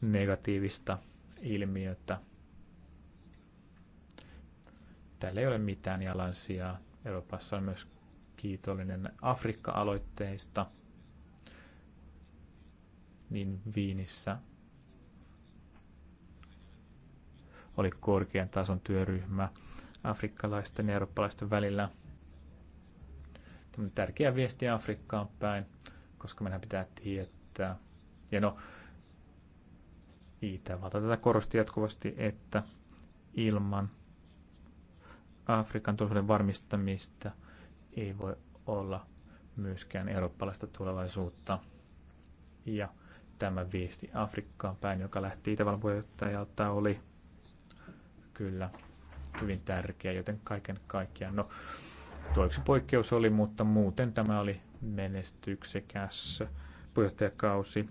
negatiivista ilmiötä. Täällä ei ole mitään jalansijaa. Euroopassa on myös kiitollinen Afrikka-aloitteista. Niin Viinissä oli korkean tason työryhmä afrikkalaisten ja eurooppalaisten välillä. Tämä tärkeä viesti Afrikkaan päin, koska meidän pitää tietää. Ja no, Itävalta. Tätä korosti jatkuvasti, että ilman Afrikan turvallisuuden varmistamista ei voi olla myöskään eurooppalaista tulevaisuutta. Ja tämä viesti Afrikkaan päin, joka lähti Itävallan puheenjohtajalta, oli kyllä hyvin tärkeä, joten kaiken kaikkiaan. No, tuo yksi poikkeus oli, mutta muuten tämä oli menestyksekäs puheenjohtajakausi.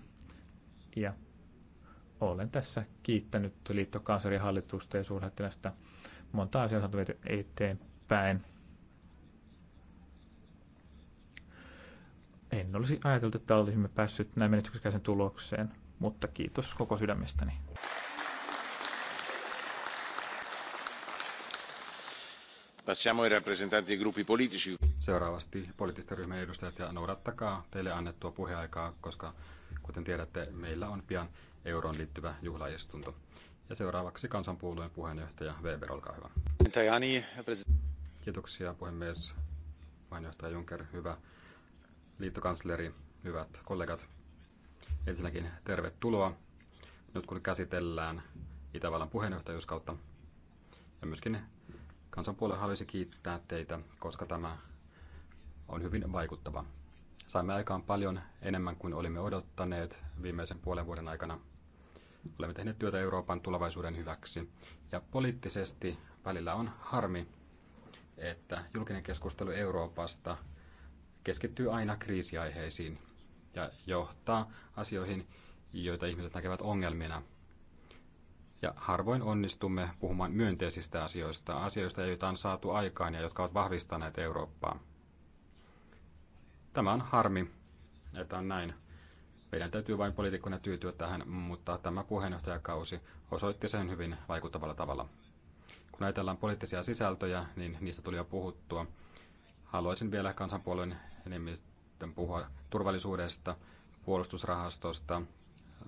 Ja olen tässä kiittänyt liittokansarin hallitusta ja suurlähettilästä. Monta asiaa saatu eteenpäin. En olisi ajatellut, että olisimme päässyt näin menestyksekäisen tulokseen, mutta kiitos koko sydämestäni. Passiamo ai rappresentanti dei gruppi politici. Seuraavasti poliittisten ryhmän edustajat ja noudattakaa teille annettua puheaikaa, koska kuten tiedätte, meillä on pian euroon liittyvä juhlaistunto. Ja seuraavaksi kansanpuolueen puheenjohtaja Weber, olkaa hyvä. Kiitoksia puhemies, puheenjohtaja Juncker, hyvä liittokansleri, hyvät kollegat. Ensinnäkin tervetuloa nyt kun käsitellään Itävallan puheenjohtajuuskautta. Ja myöskin kansanpuolue haluaisi kiittää teitä, koska tämä on hyvin vaikuttava. Saimme aikaan paljon enemmän kuin olimme odottaneet viimeisen puolen vuoden aikana – Olemme tehneet työtä Euroopan tulevaisuuden hyväksi. Ja poliittisesti välillä on harmi, että julkinen keskustelu Euroopasta keskittyy aina kriisiaiheisiin ja johtaa asioihin, joita ihmiset näkevät ongelmina. Ja harvoin onnistumme puhumaan myönteisistä asioista, asioista, joita on saatu aikaan ja jotka ovat vahvistaneet Eurooppaa. Tämä on harmi, että on näin. Meidän täytyy vain poliitikkoina tyytyä tähän, mutta tämä puheenjohtajakausi osoitti sen hyvin vaikuttavalla tavalla. Kun ajatellaan poliittisia sisältöjä, niin niistä tuli jo puhuttua. Haluaisin vielä kansanpuolueen enemmistön puhua turvallisuudesta, puolustusrahastosta,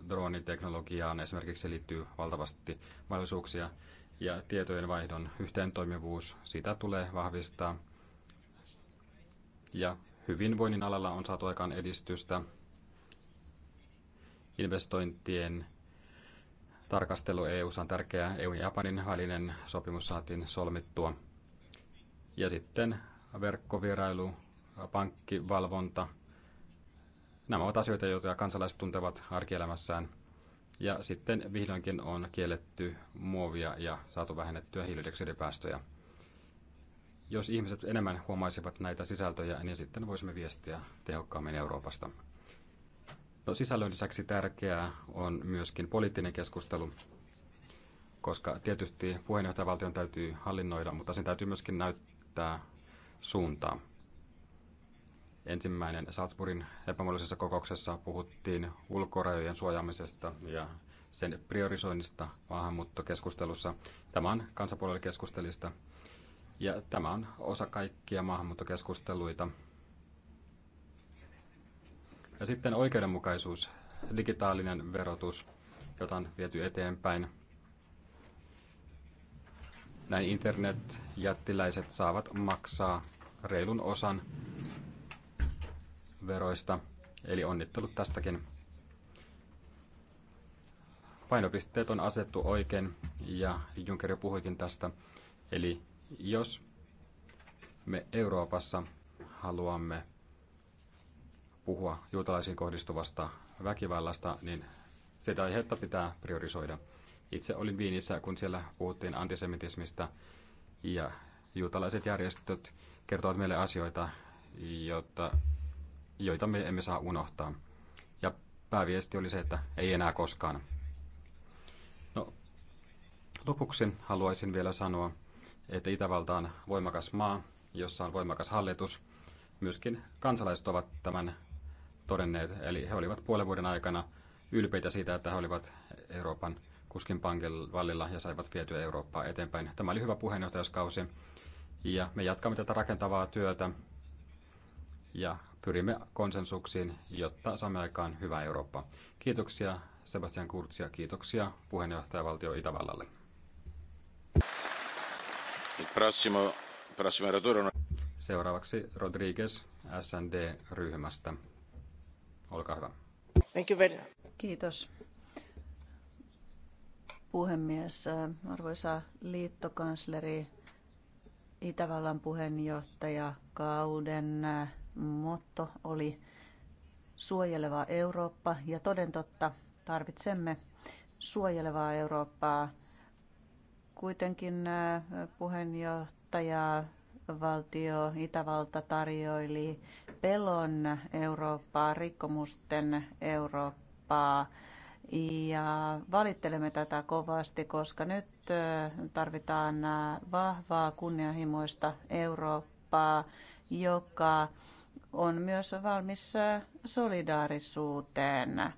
droniteknologiaan esimerkiksi liittyy valtavasti mahdollisuuksia ja tietojen vaihdon toimivuus, sitä tulee vahvistaa. Ja hyvinvoinnin alalla on saatu aikaan edistystä investointien tarkastelu EU on tärkeää. EU ja Japanin välinen sopimus saatiin solmittua. Ja sitten verkkovierailu, pankkivalvonta. Nämä ovat asioita, joita kansalaiset tuntevat arkielämässään. Ja sitten vihdoinkin on kielletty muovia ja saatu vähennettyä hiilidioksidipäästöjä. Jos ihmiset enemmän huomaisivat näitä sisältöjä, niin sitten voisimme viestiä tehokkaammin Euroopasta. No sisällön lisäksi tärkeää on myöskin poliittinen keskustelu, koska tietysti puheenjohtajavaltion täytyy hallinnoida, mutta sen täytyy myöskin näyttää suuntaa. Ensimmäinen Salzburgin epämuodollisessa kokouksessa puhuttiin ulkorajojen suojaamisesta ja sen priorisoinnista maahanmuuttokeskustelussa. Tämä on kansapuolelle keskustelista ja tämä on osa kaikkia maahanmuuttokeskusteluita – ja sitten oikeudenmukaisuus, digitaalinen verotus, jota on viety eteenpäin. Näin internetjättiläiset saavat maksaa reilun osan veroista, eli onnittelut tästäkin. Painopisteet on asettu oikein, ja Juncker jo puhuikin tästä. Eli jos me Euroopassa haluamme puhua juutalaisiin kohdistuvasta väkivallasta, niin sitä aihetta pitää priorisoida. Itse olin Viinissä, kun siellä puhuttiin antisemitismistä ja juutalaiset järjestöt kertovat meille asioita, jotta, joita me emme saa unohtaa. Ja pääviesti oli se, että ei enää koskaan. No, lopuksi haluaisin vielä sanoa, että Itävalta on voimakas maa, jossa on voimakas hallitus. Myöskin kansalaiset ovat tämän todenneet. Eli he olivat puolen vuoden aikana ylpeitä siitä, että he olivat Euroopan kuskin pankilla ja saivat vietyä Eurooppaa eteenpäin. Tämä oli hyvä puheenjohtajaskausi ja me jatkamme tätä rakentavaa työtä ja pyrimme konsensuksiin, jotta saamme aikaan hyvää Eurooppaa. Kiitoksia Sebastian Kurtsia, ja kiitoksia puheenjohtajavaltio Itävallalle. Seuraavaksi Rodriguez SND-ryhmästä. Olkaa hyvä. Thank you very much. Kiitos. Puhemies, arvoisa liittokansleri, Itävallan puheenjohtaja kauden motto oli suojeleva Eurooppa ja toden totta tarvitsemme suojelevaa Eurooppaa. Kuitenkin puheenjohtaja valtio Itävalta tarjoili pelon Eurooppaa, rikkomusten Eurooppaa. Ja valittelemme tätä kovasti, koska nyt tarvitaan vahvaa, kunnianhimoista Eurooppaa, joka on myös valmis solidaarisuuteen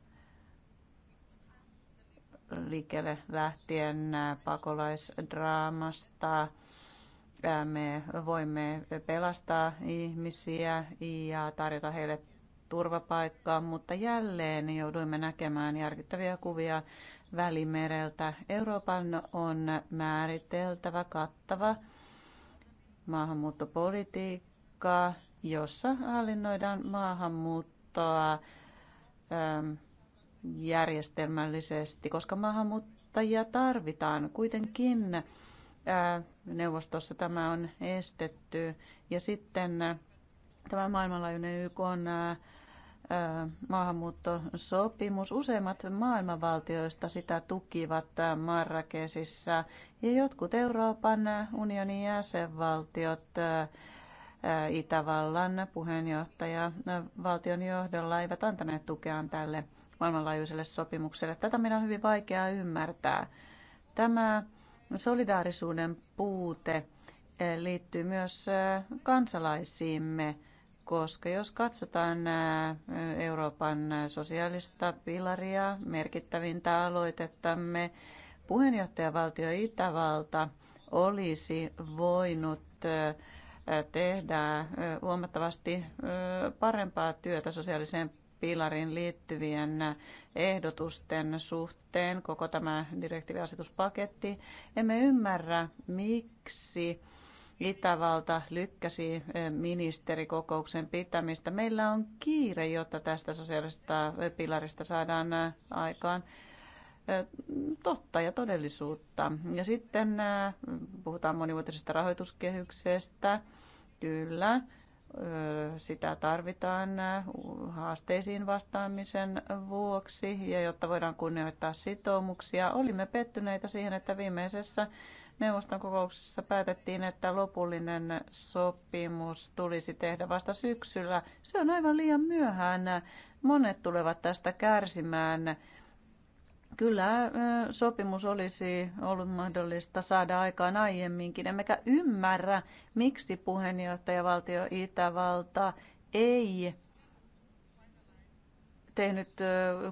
liikkeelle lähtien pakolaisdraamasta me voimme pelastaa ihmisiä ja tarjota heille turvapaikkaa, mutta jälleen jouduimme näkemään järkyttäviä kuvia Välimereltä. Euroopan on määriteltävä kattava maahanmuuttopolitiikka, jossa hallinnoidaan maahanmuuttoa järjestelmällisesti, koska maahanmuuttajia tarvitaan kuitenkin neuvostossa tämä on estetty. Ja sitten äh, tämä maailmanlaajuinen YK on äh, äh, maahanmuuttosopimus. Useimmat maailmanvaltioista sitä tukivat Marrakesissa ja jotkut Euroopan unionin jäsenvaltiot Itävallan puheenjohtaja valtion johdolla eivät antaneet tukeaan tälle maailmanlaajuiselle sopimukselle. Tätä meidän on hyvin vaikea ymmärtää. Tämä No, solidaarisuuden puute eh, liittyy myös eh, kansalaisiimme, koska jos katsotaan eh, Euroopan sosiaalista pilaria, merkittävintä aloitettamme, puheenjohtajavaltio Itävalta olisi voinut tehdä huomattavasti parempaa työtä sosiaalisen pilarin liittyvien ehdotusten suhteen, koko tämä direktiiviasetuspaketti. Emme ymmärrä, miksi Itävalta lykkäsi eh, ministerikokouksen pitämistä. Meillä on kiire, jotta tästä sosiaalisesta eh, pilarista saadaan eh, aikaan totta ja todellisuutta. Ja sitten puhutaan monivuotisesta rahoituskehyksestä. Kyllä, sitä tarvitaan haasteisiin vastaamisen vuoksi ja jotta voidaan kunnioittaa sitoumuksia. Olimme pettyneitä siihen, että viimeisessä neuvoston kokouksessa päätettiin, että lopullinen sopimus tulisi tehdä vasta syksyllä. Se on aivan liian myöhään. Monet tulevat tästä kärsimään Kyllä sopimus olisi ollut mahdollista saada aikaan aiemminkin, emmekä ymmärrä, miksi puheenjohtajavaltio Itävalta ei tehnyt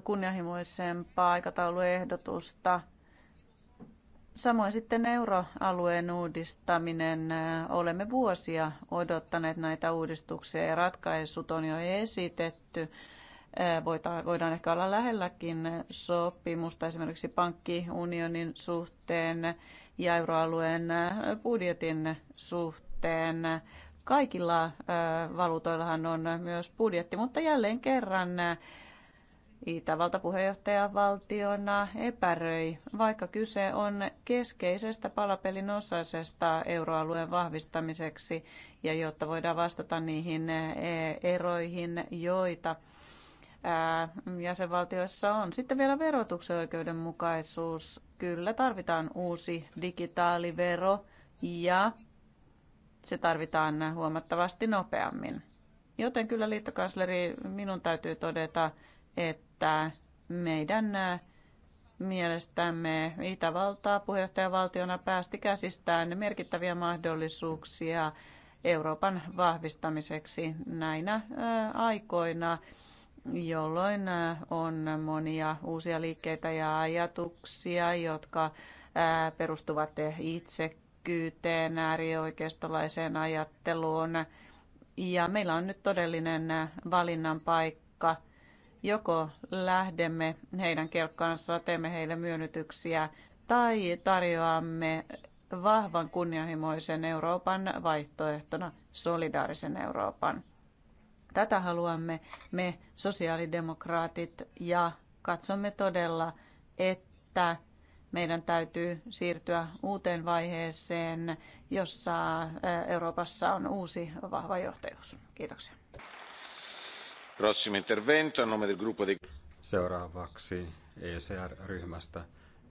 kunnianhimoisempaa aikatauluehdotusta. Samoin sitten euroalueen uudistaminen. Olemme vuosia odottaneet näitä uudistuksia ja ratkaisut on jo esitetty voidaan ehkä olla lähelläkin sopimusta esimerkiksi pankkiunionin suhteen ja euroalueen budjetin suhteen. Kaikilla valuutoillahan on myös budjetti, mutta jälleen kerran Itävalta puheenjohtajavaltiona epäröi, vaikka kyse on keskeisestä palapelin osaisesta euroalueen vahvistamiseksi ja jotta voidaan vastata niihin eroihin, joita jäsenvaltioissa on. Sitten vielä verotuksen oikeudenmukaisuus. Kyllä tarvitaan uusi digitaalivero ja se tarvitaan huomattavasti nopeammin. Joten kyllä liittokansleri, minun täytyy todeta, että meidän mielestämme Itävaltaa puheenjohtajavaltiona päästi käsistään merkittäviä mahdollisuuksia Euroopan vahvistamiseksi näinä aikoina jolloin äh, on monia uusia liikkeitä ja ajatuksia, jotka äh, perustuvat itsekyyteen, äärioikeistolaiseen ajatteluun. Ja meillä on nyt todellinen äh, valinnan paikka. Joko lähdemme heidän kelkkaansa, teemme heille myönnytyksiä, tai tarjoamme vahvan kunnianhimoisen Euroopan vaihtoehtona solidaarisen Euroopan. Tätä haluamme me sosiaalidemokraatit ja katsomme todella, että meidän täytyy siirtyä uuteen vaiheeseen, jossa Euroopassa on uusi vahva johtajuus. Kiitoksia. Seuraavaksi ECR-ryhmästä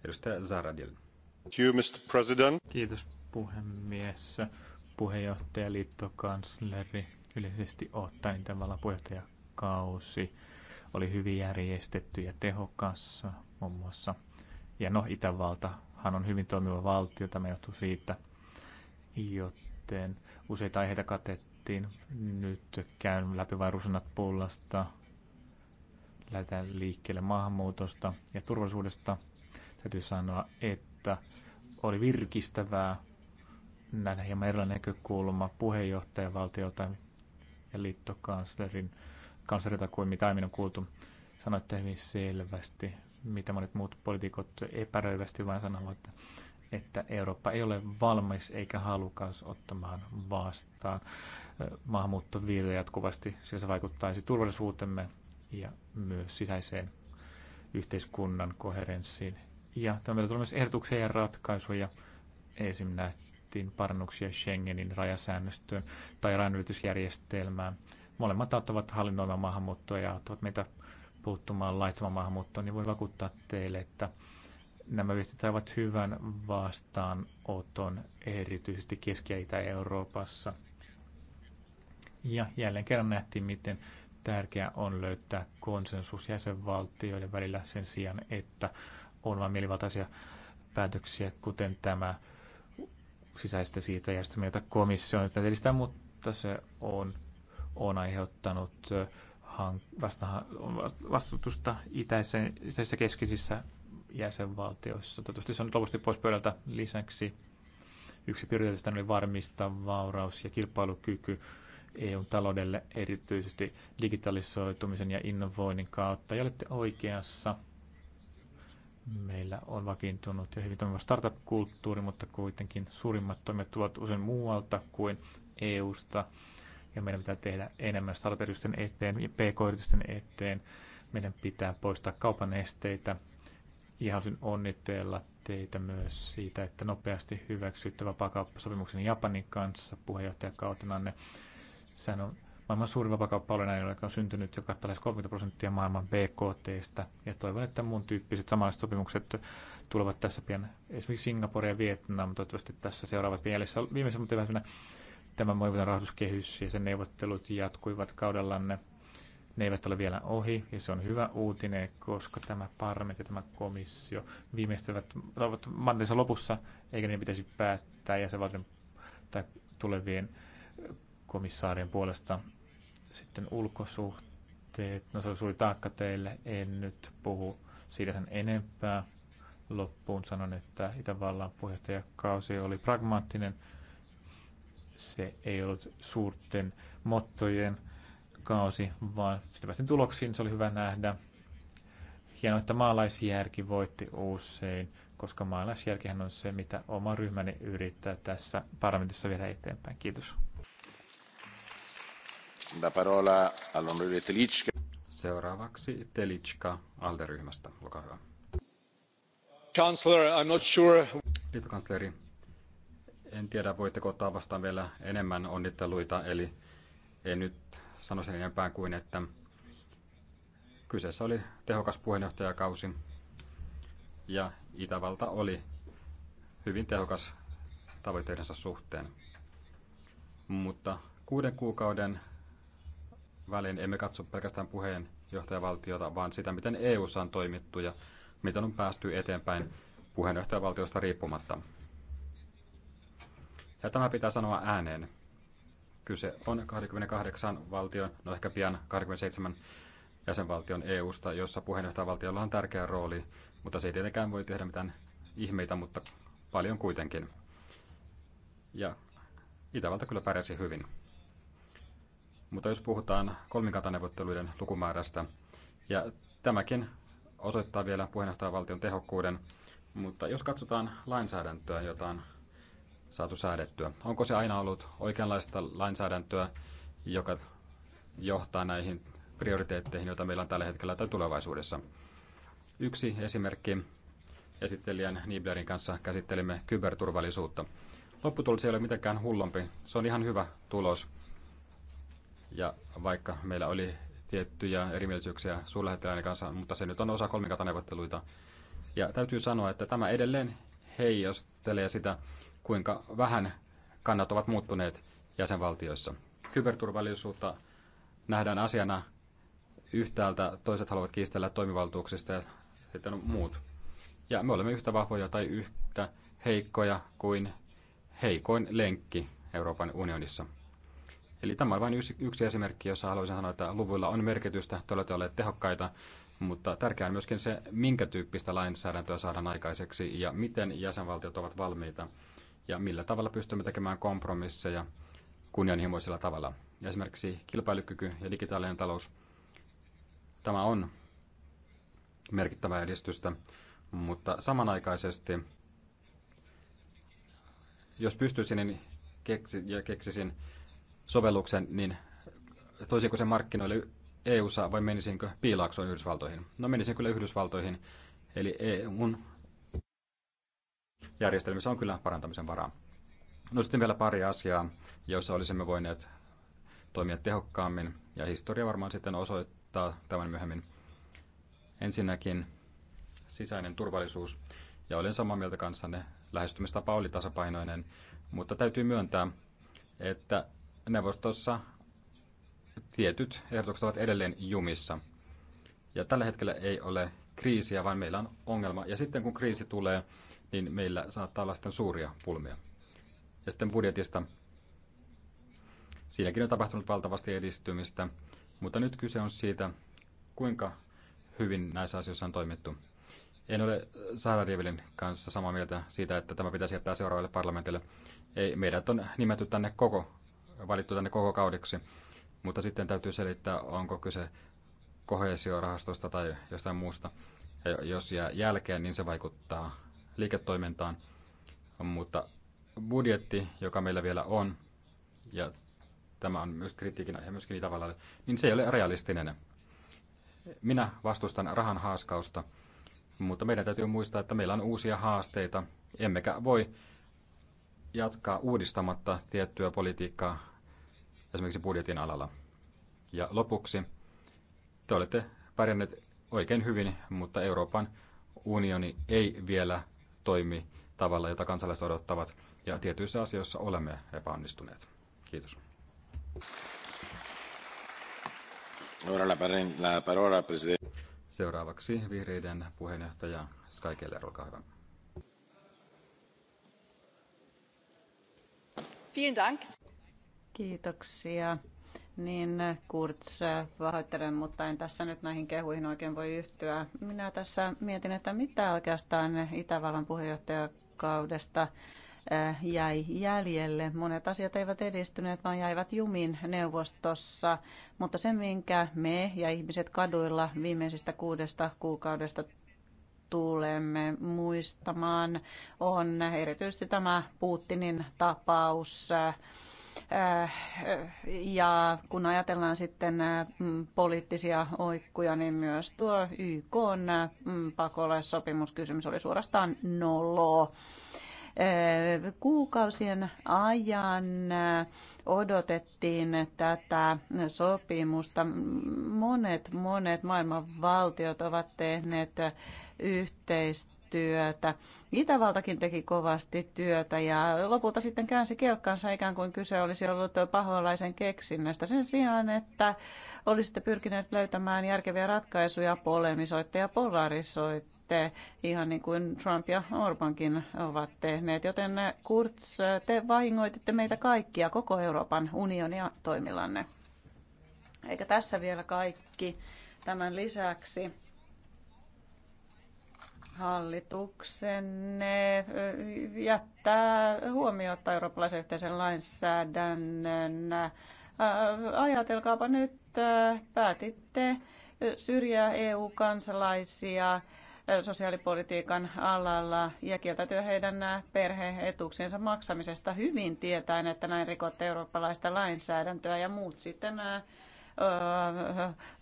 edustaja Zaradil. Kiitos puhemies, puheenjohtaja, liittokansleri, yleisesti ottaen tavallaan puheenjohtajakausi oli hyvin järjestetty ja tehokas muun muassa. Ja no, Itävaltahan on hyvin toimiva valtio, tämä johtuu siitä, joten useita aiheita katettiin. Nyt käyn läpi vain pullasta, lähdetään liikkeelle maahanmuutosta ja turvallisuudesta. Täytyy sanoa, että oli virkistävää nähdä hieman erilainen näkökulma puheenjohtajavaltiolta ja liittokanslerin kanslerilta kuin mitä aiemmin on kuultu. Sanoitte hyvin selvästi, mitä monet muut poliitikot epäröivästi vain sanovat, että Eurooppa ei ole valmis eikä halukas ottamaan vastaan maahanmuuttoviiriä jatkuvasti, sillä se vaikuttaisi turvallisuutemme ja myös sisäiseen yhteiskunnan koherenssiin. Ja tämä tulee myös ehdotuksia ja ratkaisuja. Esim tehtiin parannuksia Schengenin rajasäännöstöön tai rajanylitysjärjestelmään. Molemmat auttavat hallinnoimaan maahanmuuttoa ja auttavat meitä puuttumaan laittomaan maahanmuuttoon, niin voin vakuuttaa teille, että nämä viestit saivat hyvän vastaanoton erityisesti Keski- ja Itä-Euroopassa. Ja jälleen kerran nähtiin, miten tärkeää on löytää konsensus jäsenvaltioiden välillä sen sijaan, että on vain mielivaltaisia päätöksiä, kuten tämä sisäistä siitä järjestelmää, komissio on edistää, mutta se on, on aiheuttanut vasta, vastustusta itäisissä keskisissä jäsenvaltioissa. Toivottavasti se on lopusti pois pöydältä lisäksi. Yksi prioriteetista oli varmistaa vauraus ja kilpailukyky eu taloudelle erityisesti digitalisoitumisen ja innovoinnin kautta. Ja olette oikeassa meillä on vakiintunut ja hyvin toimiva startup-kulttuuri, mutta kuitenkin suurimmat toimet tulevat usein muualta kuin EUsta. Ja meidän pitää tehdä enemmän startup-yritysten eteen ja pk-yritysten eteen. Meidän pitää poistaa kaupan esteitä. Ihan onnitella teitä myös siitä, että nopeasti hyväksytte vapaakauppasopimuksen Japanin kanssa puheenjohtajakautenanne. Sehän on Maailman suurin vapakauppa on näin, joka on syntynyt, joka kattaa lähes 30 prosenttia maailman BKTstä. Ja toivon, että muun tyyppiset samanlaiset sopimukset tulevat tässä pian. Esimerkiksi Singapore ja Vietnam toivottavasti tässä seuraavat jäljessä viimeisen, mutta vähän tämän monivuotinen rahoituskehys ja sen neuvottelut jatkuivat kaudellanne. Ne eivät ole vielä ohi ja se on hyvä uutinen, koska tämä parlamentti ja tämä komissio viimeistävät mandeensa lopussa, eikä niin pitäisi päättää jäsenvaltion tai tulevien komissaarien puolesta. Sitten ulkosuhteet, no se oli suuri taakka teille, en nyt puhu siitä sen enempää. Loppuun sanon, että Itävallan puheenjohtajakausi oli pragmaattinen. Se ei ollut suurten mottojen kausi, vaan sitä päästiin tuloksiin, se oli hyvä nähdä. Hienoa, että maalaisjärki voitti usein, koska maalaisjärkihän on se, mitä oma ryhmäni yrittää tässä parlamentissa viedä eteenpäin. Kiitos. Seuraavaksi Telitska alde Olkaa hyvä. Chancellor, I'm not sure... Liittokansleri, en tiedä voitteko ottaa vastaan vielä enemmän onnitteluita, eli en nyt sano sen enempää kuin, että kyseessä oli tehokas puheenjohtajakausi ja Itävalta oli hyvin tehokas tavoitteidensa suhteen. Mutta kuuden kuukauden väliin emme katso pelkästään puheenjohtajavaltiota, vaan sitä, miten EU:ssa on toimittu ja miten on päästy eteenpäin puheenjohtajavaltiosta riippumatta. Ja tämä pitää sanoa ääneen. Kyse on 28 valtion, no ehkä pian 27 jäsenvaltion EUsta, jossa puheenjohtajavaltiolla on tärkeä rooli, mutta se ei tietenkään voi tehdä mitään ihmeitä, mutta paljon kuitenkin. Ja Itävalta kyllä pärjäsi hyvin. Mutta jos puhutaan kolmikantaneuvotteluiden lukumäärästä, ja tämäkin osoittaa vielä puheenjohtajavaltion tehokkuuden, mutta jos katsotaan lainsäädäntöä, jota on saatu säädettyä, onko se aina ollut oikeanlaista lainsäädäntöä, joka johtaa näihin prioriteetteihin, joita meillä on tällä hetkellä tai tulevaisuudessa? Yksi esimerkki esittelijän Niblerin kanssa käsittelimme kyberturvallisuutta. Lopputulos ei ole mitenkään hullompi, se on ihan hyvä tulos. Ja vaikka meillä oli tiettyjä erimielisyyksiä suurlähettiläinen kanssa, mutta se nyt on osa kolmikantaneuvotteluita. Ja täytyy sanoa, että tämä edelleen heijastelee sitä, kuinka vähän kannat ovat muuttuneet jäsenvaltioissa. Kyberturvallisuutta nähdään asiana yhtäältä, toiset haluavat kiistellä toimivaltuuksista ja sitten on muut. Ja me olemme yhtä vahvoja tai yhtä heikkoja kuin heikoin lenkki Euroopan unionissa. Eli tämä on vain yksi, yksi esimerkki, jossa haluaisin sanoa, että luvuilla on merkitystä, te olette olleet tehokkaita, mutta tärkeää on myöskin se, minkä tyyppistä lainsäädäntöä saadaan aikaiseksi ja miten jäsenvaltiot ovat valmiita ja millä tavalla pystymme tekemään kompromisseja kunnianhimoisella tavalla. Esimerkiksi kilpailukyky ja digitaalinen talous. Tämä on merkittävää edistystä, mutta samanaikaisesti, jos pystyisin niin keksi, ja keksisin sovelluksen, niin toisinko se markkinoille EU-ssa vai menisinkö piilaaksoon Yhdysvaltoihin? No menisin kyllä Yhdysvaltoihin, eli EUn järjestelmissä on kyllä parantamisen varaa. No sitten vielä pari asiaa, joissa olisimme voineet toimia tehokkaammin, ja historia varmaan sitten osoittaa tämän myöhemmin. Ensinnäkin sisäinen turvallisuus, ja olen samaa mieltä kanssanne, lähestymistapa oli tasapainoinen, mutta täytyy myöntää, että neuvostossa tietyt ehdotukset ovat edelleen jumissa. Ja tällä hetkellä ei ole kriisiä, vaan meillä on ongelma. Ja sitten kun kriisi tulee, niin meillä saattaa olla sitten suuria pulmia. Ja sitten budjetista. Siinäkin on tapahtunut valtavasti edistymistä, mutta nyt kyse on siitä, kuinka hyvin näissä asioissa on toimittu. En ole Saara Rievelin kanssa samaa mieltä siitä, että tämä pitäisi jättää seuraavalle parlamentille. Ei, meidät on nimetty tänne koko valittu tänne koko kaudeksi, mutta sitten täytyy selittää, onko kyse kohesiorahastosta tai jostain muusta. Ja jos jää jälkeen, niin se vaikuttaa liiketoimintaan, mutta budjetti, joka meillä vielä on, ja tämä on myös kritiikin ja myöskin Itävallalle, niin se ei ole realistinen. Minä vastustan rahan haaskausta, mutta meidän täytyy muistaa, että meillä on uusia haasteita, emmekä voi jatkaa uudistamatta tiettyä politiikkaa esimerkiksi budjetin alalla. Ja lopuksi, te olette pärjänneet oikein hyvin, mutta Euroopan unioni ei vielä toimi tavalla, jota kansalaiset odottavat, ja tietyissä asioissa olemme epäonnistuneet. Kiitos. Seuraavaksi vihreiden puheenjohtaja Sky Keller, olkaa hyvä. vielen Dank. Kiitoksia. Niin Kurz, pahoittelen, mutta en tässä nyt näihin kehuihin oikein voi yhtyä. Minä tässä mietin, että mitä oikeastaan Itävallan puheenjohtajakaudesta eh, jäi jäljelle. Monet asiat eivät edistyneet, vaan jäivät jumin neuvostossa. Mutta se, minkä me ja ihmiset kaduilla viimeisistä kuudesta kuukaudesta tulemme muistamaan, on erityisesti tämä Putinin tapaus. Äh, ja kun ajatellaan sitten mm, poliittisia oikkuja, niin myös tuo YK mm, pakolaissopimuskysymys oli suorastaan noloo. Kuukausien ajan odotettiin tätä sopimusta. Monet, monet maailman valtiot ovat tehneet yhteistyötä. Itävaltakin teki kovasti työtä ja lopulta sitten käänsi kelkkansa ikään kuin kyse olisi ollut paholaisen keksinnöstä. Sen sijaan, että olisitte pyrkineet löytämään järkeviä ratkaisuja, polemisoitte ja polarisoitte ihan niin kuin Trump ja Orbankin ovat tehneet. Joten eh, Kurz, te vahingoititte meitä kaikkia, koko Euroopan unionia toimillanne. Eikä tässä vielä kaikki. Tämän lisäksi hallituksenne eh, jättää huomiota eurooppalaisen yhteisen lainsäädännön. Eh, ajatelkaapa nyt, päätitte syrjää EU-kansalaisia sosiaalipolitiikan alalla ja kieltäytyä heidän perheetuuksiensa maksamisesta hyvin tietäen, että näin rikotte eurooppalaista lainsäädäntöä ja muut sitten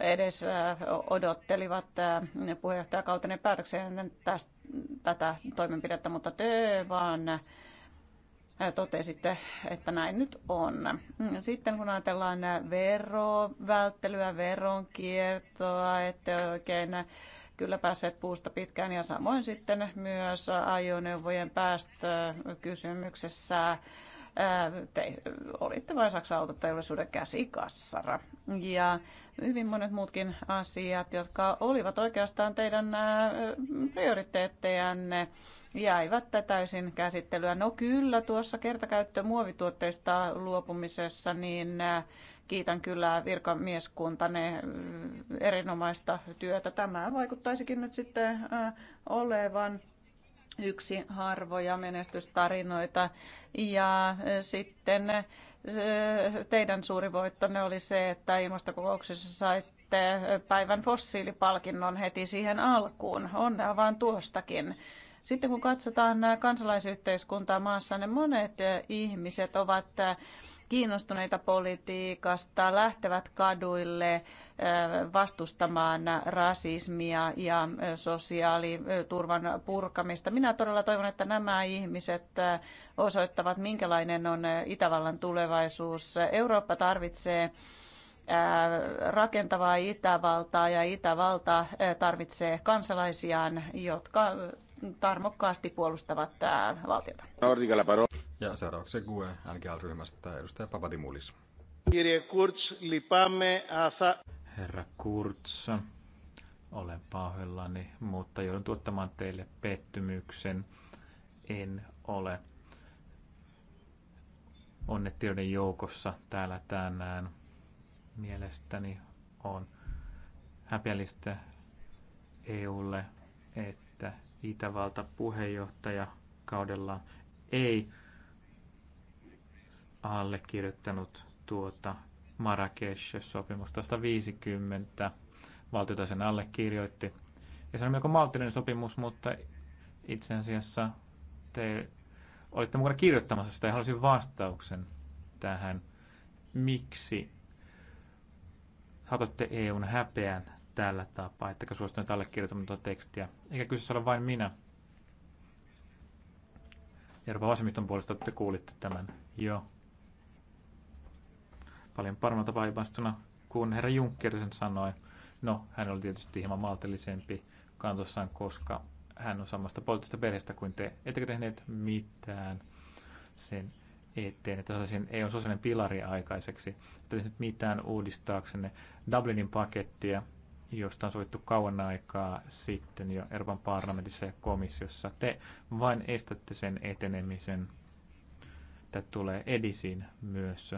edes odottelivat puheenjohtajakautinen päätöksen ennen tästä, tätä toimenpidettä, mutta te vaan totesitte, että näin nyt on. Sitten kun ajatellaan verovälttelyä, veronkiertoa, että oikein kyllä päässeet puusta pitkään ja samoin sitten myös ajoneuvojen päästökysymyksessä äh, te olitte vain Saksan autoteollisuuden käsikassara. Ja hyvin monet muutkin asiat, jotka olivat oikeastaan teidän äh, prioriteettejanne, jäivät täysin käsittelyä. No kyllä, tuossa muovituotteista luopumisessa, niin äh, kiitän kyllä virkamieskuntanne erinomaista työtä. Tämä vaikuttaisikin nyt sitten olevan yksi harvoja menestystarinoita. Ja sitten teidän suuri voittonne oli se, että ilmastokokouksessa saitte päivän fossiilipalkinnon heti siihen alkuun. Onnea vaan tuostakin. Sitten kun katsotaan kansalaisyhteiskuntaa maassa, ne monet ihmiset ovat kiinnostuneita politiikasta, lähtevät kaduille vastustamaan rasismia ja sosiaaliturvan purkamista. Minä todella toivon, että nämä ihmiset osoittavat, minkälainen on Itävallan tulevaisuus. Eurooppa tarvitsee rakentavaa Itävaltaa ja Itävalta tarvitsee kansalaisiaan, jotka tarmokkaasti puolustavat valtiota. Ja seuraavaksi GUE ngl ryhmästä edustaja Papadimulis. Herra Kurz, olen pahoillani, mutta joudun tuottamaan teille pettymyksen. En ole onnettijoiden joukossa täällä tänään. Mielestäni on häpeällistä EUlle, että Itävalta puheenjohtaja kaudellaan ei allekirjoittanut tuota Marrakesh-sopimusta 150 valtiota sen allekirjoitti. Ja se on melko maltillinen sopimus, mutta itse asiassa te olitte mukana kirjoittamassa sitä ja halusin vastauksen tähän. Miksi saatatte EUn häpeän tällä tapaa, ettekä suostunut allekirjoittamaan tuota tekstiä? Eikä kyseessä ole vain minä. Euroopan vasemmiston puolesta te kuulitte tämän jo paljon paremmalta vaivastuna kuin herra Juncker sen sanoi. No, hän oli tietysti hieman maltillisempi kantossaan, koska hän on samasta poliittisesta perheestä kuin te. Ettekä tehneet mitään sen eteen, että saataisiin EUn sosiaalinen pilari aikaiseksi. Ette tehneet mitään uudistaaksenne Dublinin pakettia, josta on sovittu kauan aikaa sitten jo Euroopan parlamentissa ja komissiossa. Te vain estätte sen etenemisen. Tätä tulee edisiin myös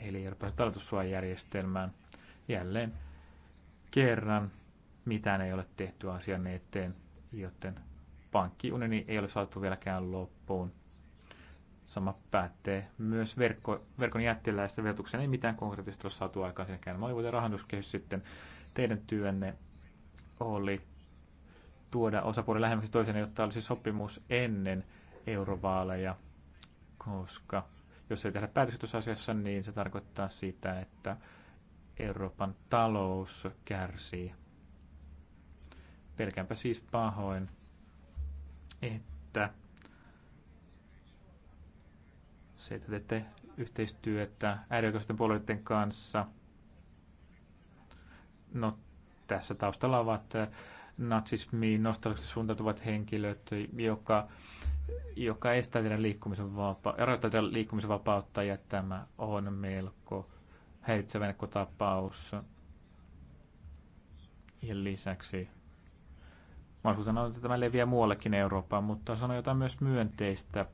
eli ei ole talletussuojajärjestelmään. Jälleen kerran mitään ei ole tehty asian eteen, joten pankkiuneni ei ole saatu vieläkään loppuun. Sama päättee myös verkko, verkon jättiläistä vetuksen Ei mitään konkreettista ole saatu aikaan Mä olin rahoituskehys sitten teidän työnne oli tuoda osapuoli lähemmäksi toisen, jotta olisi sopimus ennen eurovaaleja, koska jos ei tehdä päätöksiä tuossa asiassa, niin se tarkoittaa sitä, että Euroopan talous kärsii. Pelkäänpä siis pahoin, että se, että teette yhteistyötä äärioikeusten puolueiden kanssa. No, tässä taustalla ovat natsismiin nostalgisesti suuntautuvat henkilöt, joka joka estää teidän liikkumisen, vapa- rajoittaa teidän liikkumisen vapautta ja tämä on melko häiritsevä tapaus. Ja lisäksi mahdollisuus sanoa, että tämä leviää muuallekin Eurooppaan, mutta sanoin jotain myös myönteistä.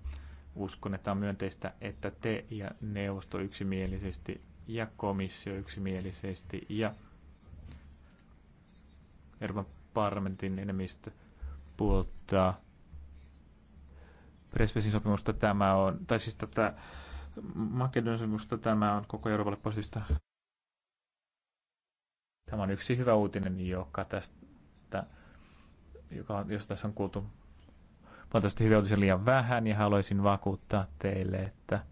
Uskon, että on myönteistä, että te ja neuvosto yksimielisesti ja komissio yksimielisesti ja Euroopan parlamentin enemmistö puoltaa Prespesin sopimusta tämä on, tai siis tätä makedonin sopimusta tämä on koko Euroopalle positiivista. Tämä on yksi hyvä uutinen, joka tästä, joka, josta tässä on kuultu valitettavasti hyviä uutisia liian vähän ja haluaisin vakuuttaa teille, että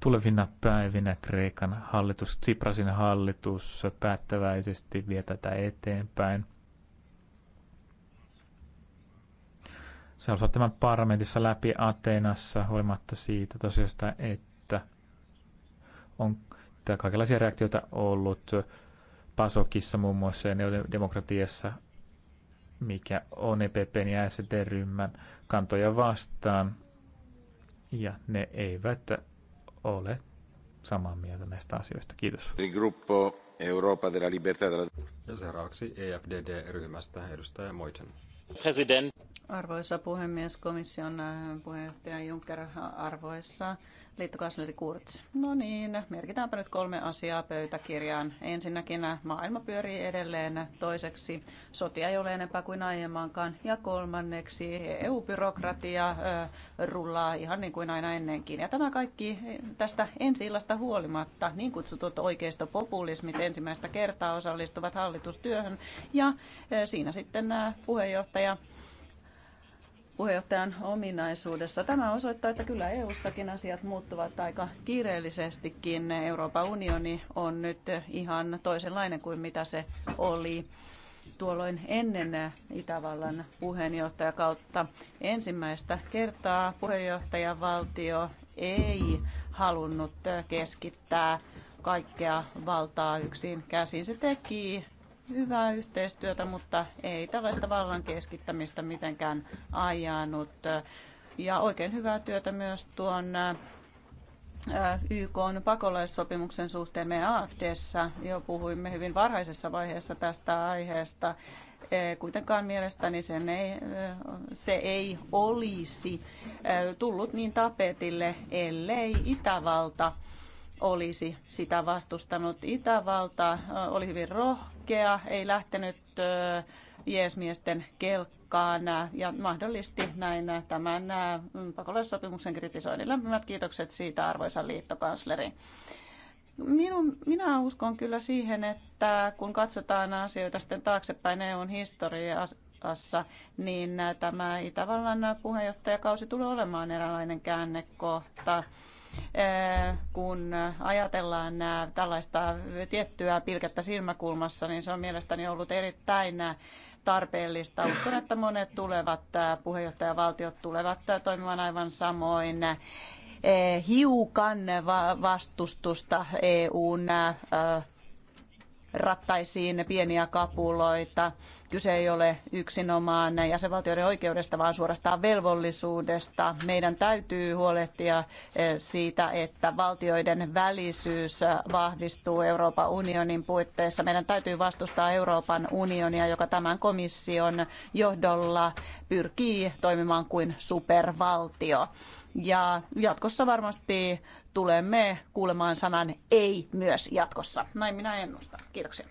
tulevina päivinä Kreikan hallitus, Tsiprasin hallitus päättäväisesti vie tätä eteenpäin. Se on tämän parlamentissa läpi Ateenassa huolimatta siitä tosiaan, että on kaikenlaisia reaktioita ollut Pasokissa muun muassa ja demokratiassa, mikä on EPPn ja ST-ryhmän kantoja vastaan. Ja ne eivät ole samaa mieltä näistä asioista. Kiitos. Gruppo Europa della Libertà. Ja seuraavaksi EFDD-ryhmästä edustaja Moiten. President. Arvoisa puhemies, komission äh, puheenjohtaja Juncker arvoissa liittokansleri Kurz. No niin, merkitäänpä nyt kolme asiaa pöytäkirjaan. Ensinnäkin äh, maailma pyörii edelleen, toiseksi sotia ei ole enempää kuin aiemmankaan ja kolmanneksi EU-byrokratia äh, rullaa ihan niin kuin aina ennenkin. Ja tämä kaikki eh, tästä ensi huolimatta, niin kutsutut oikeistopopulismit ensimmäistä kertaa osallistuvat hallitustyöhön ja eh, siinä sitten nämä puheenjohtaja puheenjohtajan ominaisuudessa. Tämä osoittaa, että kyllä EU-sakin asiat muuttuvat aika kiireellisestikin. Euroopan unioni on nyt ihan toisenlainen kuin mitä se oli tuolloin ennen Itävallan puheenjohtajakautta. Ensimmäistä kertaa puheenjohtajavaltio ei halunnut keskittää kaikkea valtaa yksin käsin. Se teki hyvää yhteistyötä, mutta ei tällaista vallan keskittämistä mitenkään ajanut. Ja oikein hyvää työtä myös tuon YK on pakolaissopimuksen suhteen me AFDssä jo puhuimme hyvin varhaisessa vaiheessa tästä aiheesta. Kuitenkaan mielestäni sen ei, se ei olisi tullut niin tapetille, ellei Itävalta olisi sitä vastustanut. Itävalta oli hyvin rohkea tukea ei lähtenyt jeesmiesten kelkkaan ja mahdollisti näin tämän pakolaissopimuksen kritisoinnin. Lämpimät kiitokset siitä, arvoisa liittokansleri. Minun, minä uskon kyllä siihen, että kun katsotaan asioita sitten taaksepäin EUn historiassa, niin tämä Itävallan puheenjohtajakausi tulee olemaan eräänlainen käännekohta. Äh, kun ajatellaan äh, tällaista tiettyä pilkettä silmäkulmassa, niin se on mielestäni ollut erittäin äh, tarpeellista. Uskon, että monet tulevat puheenjohtajavaltiot tulevat toimimaan aivan samoin hiukan vastustusta EUn rattaisiin pieniä kapuloita. Kyse ei ole yksinomaan jäsenvaltioiden oikeudesta, vaan suorastaan velvollisuudesta. Meidän täytyy huolehtia eh, siitä, että valtioiden välisyys vahvistuu Euroopan unionin puitteissa. Meidän täytyy vastustaa Euroopan unionia, joka tämän komission johdolla pyrkii toimimaan kuin supervaltio. Ja jatkossa varmasti tulemme kuulemaan sanan ei myös jatkossa. Näin minä ennustan. Kiitoksia.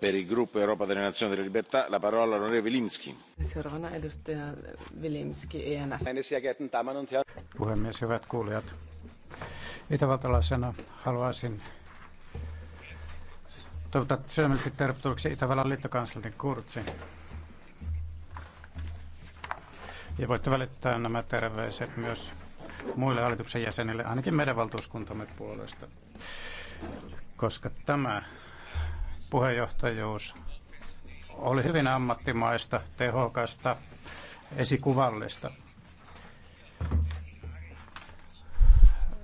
Per il gruppo Europa delle Nazioni della Libertà la parola onorevole Vilimski. Seuraavana edustaja Vilimski, ENF. Puhemies, hyvät kuulijat. Itävaltalaisena haluaisin toivottaa sydämellisesti tervetulleeksi Itävallan liittokanslerin Kurtsi. Ja voitte välittää nämä terveiset myös muille hallituksen jäsenille, ainakin meidän valtuuskuntamme puolesta, koska tämä puheenjohtajuus oli hyvin ammattimaista, tehokasta, esikuvallista.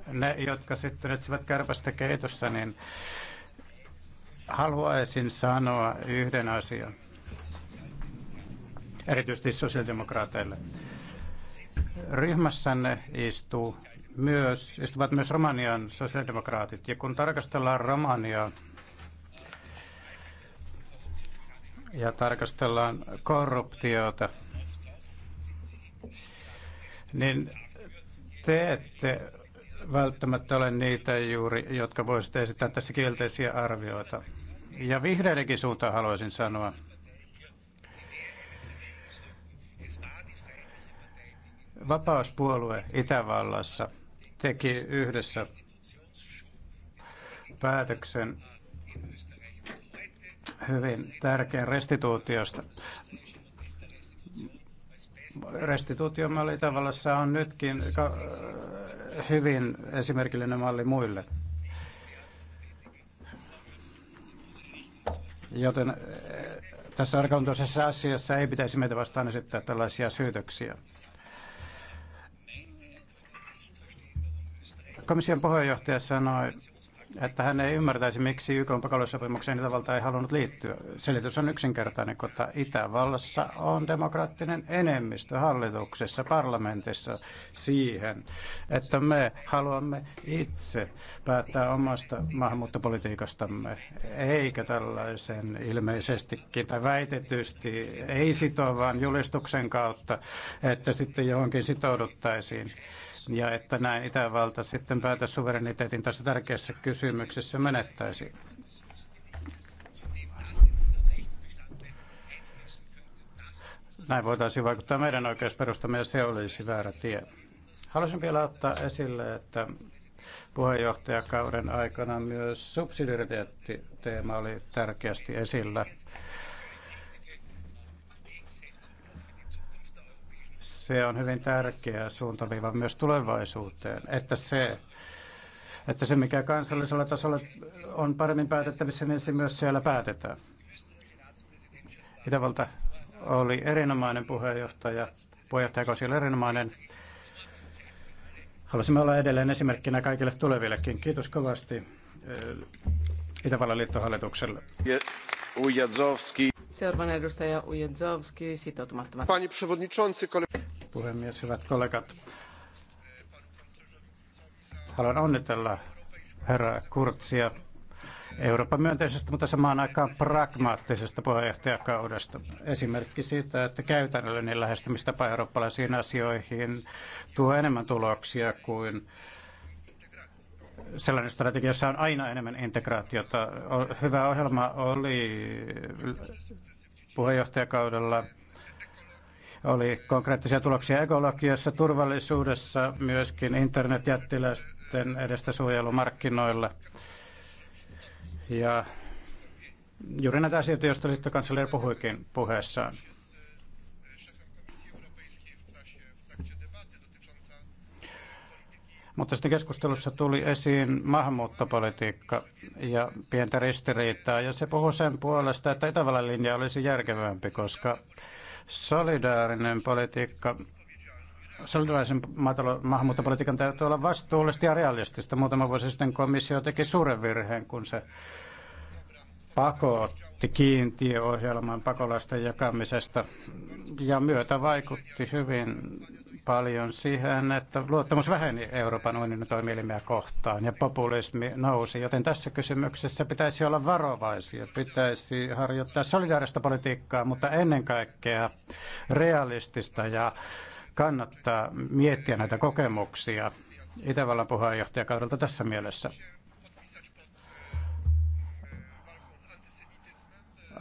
Ne, jotka sitten etsivät kärpästä keitossa, niin haluaisin sanoa yhden asian, erityisesti sosiaalidemokraateille. Ryhmässänne istuu myös, istuvat myös Romanian sosiaalidemokraatit. Ja kun tarkastellaan Romaniaa ja tarkastellaan korruptiota, niin te ette välttämättä ole niitä juuri, jotka voisitte esittää tässä kielteisiä arvioita. Ja vihreidenkin suuntaan haluaisin sanoa, Vapauspuolue Itävallassa teki yhdessä päätöksen hyvin tärkeän restituutiosta. Restituutiomalli Itävallassa on nytkin hyvin esimerkillinen malli muille. Joten eh, tässä arkaluontoisessa asiassa ei pitäisi meitä vastaan esittää tällaisia syytöksiä. Komission puheenjohtaja sanoi, että hän ei ymmärtäisi, miksi YK pakolaissopimukseen Itävalta ei halunnut liittyä. Selitys on yksinkertainen, koska Itävallassa on demokraattinen enemmistö hallituksessa, parlamentissa siihen, että me haluamme itse päättää omasta maahanmuuttopolitiikastamme, eikä tällaisen ilmeisestikin tai väitetysti ei sitovan julistuksen kautta, että sitten johonkin sitouduttaisiin ja että näin Itävalta sitten päätös suvereniteetin tässä tärkeässä kysymyksessä menettäisi. Näin voitaisiin vaikuttaa meidän oikeusperustamme ja se olisi väärä tie. Haluaisin vielä ottaa esille, että puheenjohtajakauden aikana myös subsidiariteetti-teema oli tärkeästi esillä – Se on hyvin tärkeä suuntaviiva myös tulevaisuuteen, että se, että se mikä kansallisella tasolla on paremmin päätettävissä, niin se myös siellä päätetään. Itävalta oli erinomainen puheenjohtaja, puheenjohtajakausi oli erinomainen. Haluaisimme olla edelleen esimerkkinä kaikille tulevillekin. Kiitos kovasti eh, Itävallan liittohallitukselle. Ujadzowski. Seuraavan edustaja Ujadzowski, sitoutumattomat. Pani przewodniczący, kolega puhemies, hyvät kollegat. Haluan onnitella herra Kurtsia Euroopan myönteisestä, mutta samaan aikaan pragmaattisesta puheenjohtajakaudesta. Esimerkki siitä, että käytännöllinen lähestymistapa eurooppalaisiin asioihin tuo enemmän tuloksia kuin sellainen strategia, jossa on aina enemmän integraatiota. Hyvä ohjelma oli puheenjohtajakaudella oli konkreettisia tuloksia ekologiassa, turvallisuudessa, myöskin internetjättiläisten edestä suojelumarkkinoilla. Ja juuri näitä asioita, joista liittokansleri puhuikin puheessaan. Mutta sitten keskustelussa tuli esiin maahanmuuttopolitiikka ja pientä ristiriitaa, ja se puhui sen puolesta, että Itävallan linja olisi järkevämpi, koska Solidaarinen politiikka, solidaarisen maahanmuuttopolitiikan täytyy olla vastuullista ja realistista. Muutama vuosi sitten komissio teki suuren virheen, kun se pakotti kiintiöohjelman pakolaisten jakamisesta ja myötä vaikutti hyvin paljon siihen, että luottamus väheni Euroopan unionin toimielimiä kohtaan ja populismi nousi, joten tässä kysymyksessä pitäisi olla varovaisia, pitäisi harjoittaa solidaarista politiikkaa, mutta ennen kaikkea realistista ja kannattaa miettiä näitä kokemuksia Itävallan puheenjohtajakaudelta tässä mielessä.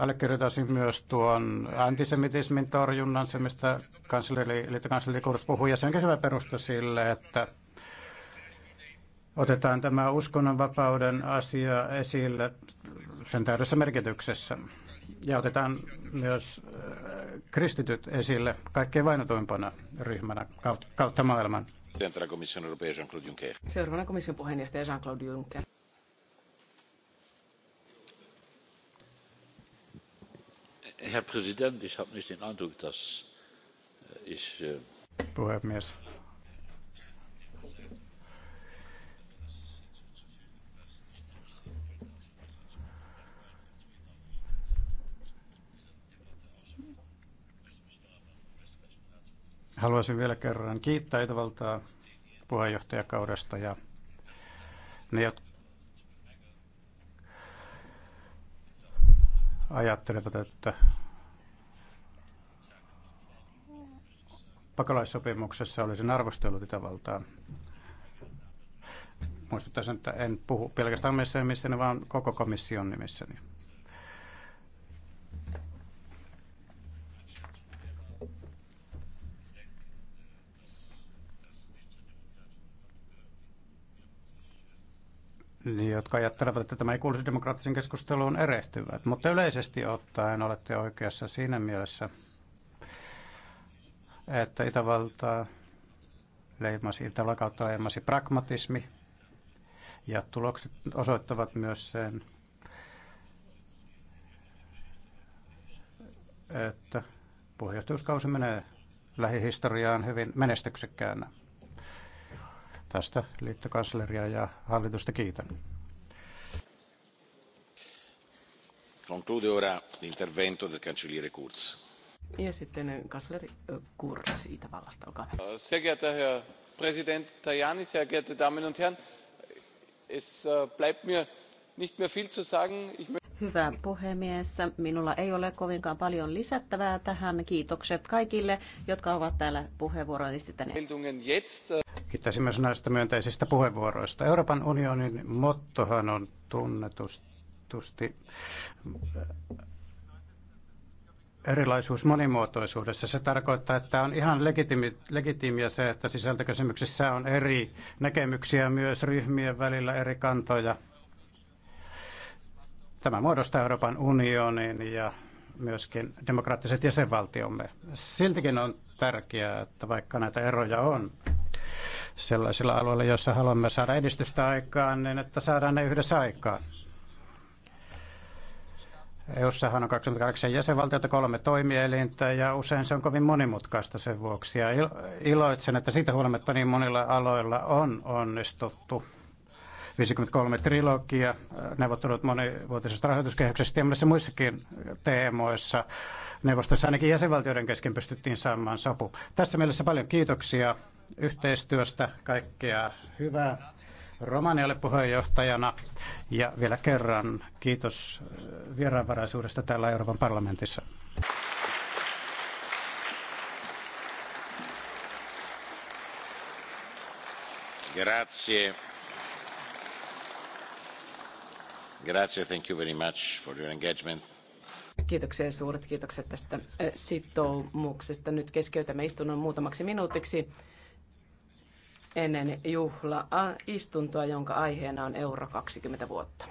Allekirjoitaisin myös tuon antisemitismin torjunnan, se mistä kansleri, liittokansleri puhui, ja se onkin hyvä perusta sille, että otetaan tämä uskonnonvapauden asia esille sen täydessä merkityksessä. Ja otetaan myös äh, kristityt esille kaikkein vainotuimpana ryhmänä kautta maailman. Seuraavana komission puheenjohtaja Jean-Claude Juncker. Herr Präsident, ich habe nicht den Eindruck, dass äh, ich... Äh, Puhemies. Haluaisin vielä kerran kiittää Itävaltaa puheenjohtajakaudesta ja ne, jotka ajattelevat, että pakolaissopimuksessa olisi arvostellut Itävaltaa. Muistuttaisin, että en puhu pelkästään missäni, vaan koko komission nimissäni. Niin, jotka ajattelevat, että tämä ei kuuluisi demokraattisen keskusteluun, erehtyvät. Mutta yleisesti ottaen olette oikeassa siinä mielessä, että itävalta leimasi, Itävalta kautta leimasi pragmatismi, ja tulokset osoittavat myös sen, että puheenjohtajuuskausi menee lähihistoriaan hyvin menestyksekkäänä. Tästä liittokansleria ja hallitusta kiitän. Conclude ora l'intervento del cancelliere Kurz. Ja sitten eh, kansleri eh, Kurz Itävallasta, olkaa hyvä. Äh, sehr geehrter Herr Präsident Tajani, sehr geehrte Damen und Herren, es äh, bleibt mir nicht mehr viel zu sagen. Ich Hyvä puhemies, minulla ei ole kovinkaan paljon lisättävää tähän. Kiitokset kaikille, jotka ovat täällä puheenvuoroa esittäneet. Meldungen Jetzt, äh, Kiittäisin myös näistä myönteisistä puheenvuoroista. Euroopan unionin mottohan on tunnetusti äh, erilaisuus monimuotoisuudessa. Se tarkoittaa, että on ihan legitiimi, legitiimiä se, että sisältökysymyksissä on eri näkemyksiä myös ryhmien välillä, eri kantoja. Tämä muodostaa Euroopan unionin ja myöskin demokraattiset jäsenvaltiomme. Siltikin on tärkeää, että vaikka näitä eroja on, sellaisilla alueilla, joissa haluamme saada edistystä aikaan, niin että saadaan ne yhdessä aikaan. EU-sahan on 28 jäsenvaltiota, kolme toimielintä ja usein se on kovin monimutkaista sen vuoksi. Ja iloitsen, että siitä huolimatta niin monilla aloilla on onnistuttu 53 trilogia, äh, neuvottelut monivuotisesta rahoituskehyksestä ja monissa muissakin äh, teemoissa neuvostossa ainakin jäsenvaltioiden kesken pystyttiin saamaan sopu. Tässä mielessä paljon kiitoksia yhteistyöstä, kaikkea hyvää. Romanialle puheenjohtajana ja vielä kerran kiitos äh, vieraanvaraisuudesta täällä Euroopan parlamentissa. Grazie. Grazie, thank you very much for your engagement. Kiitoksia ja suuret kiitokset tästä eh, sitoumuksesta. Nyt keskeytämme istunnon muutamaksi minuutiksi ennen juhlaistuntoa, istuntoa jonka aiheena on Euro 20 vuotta.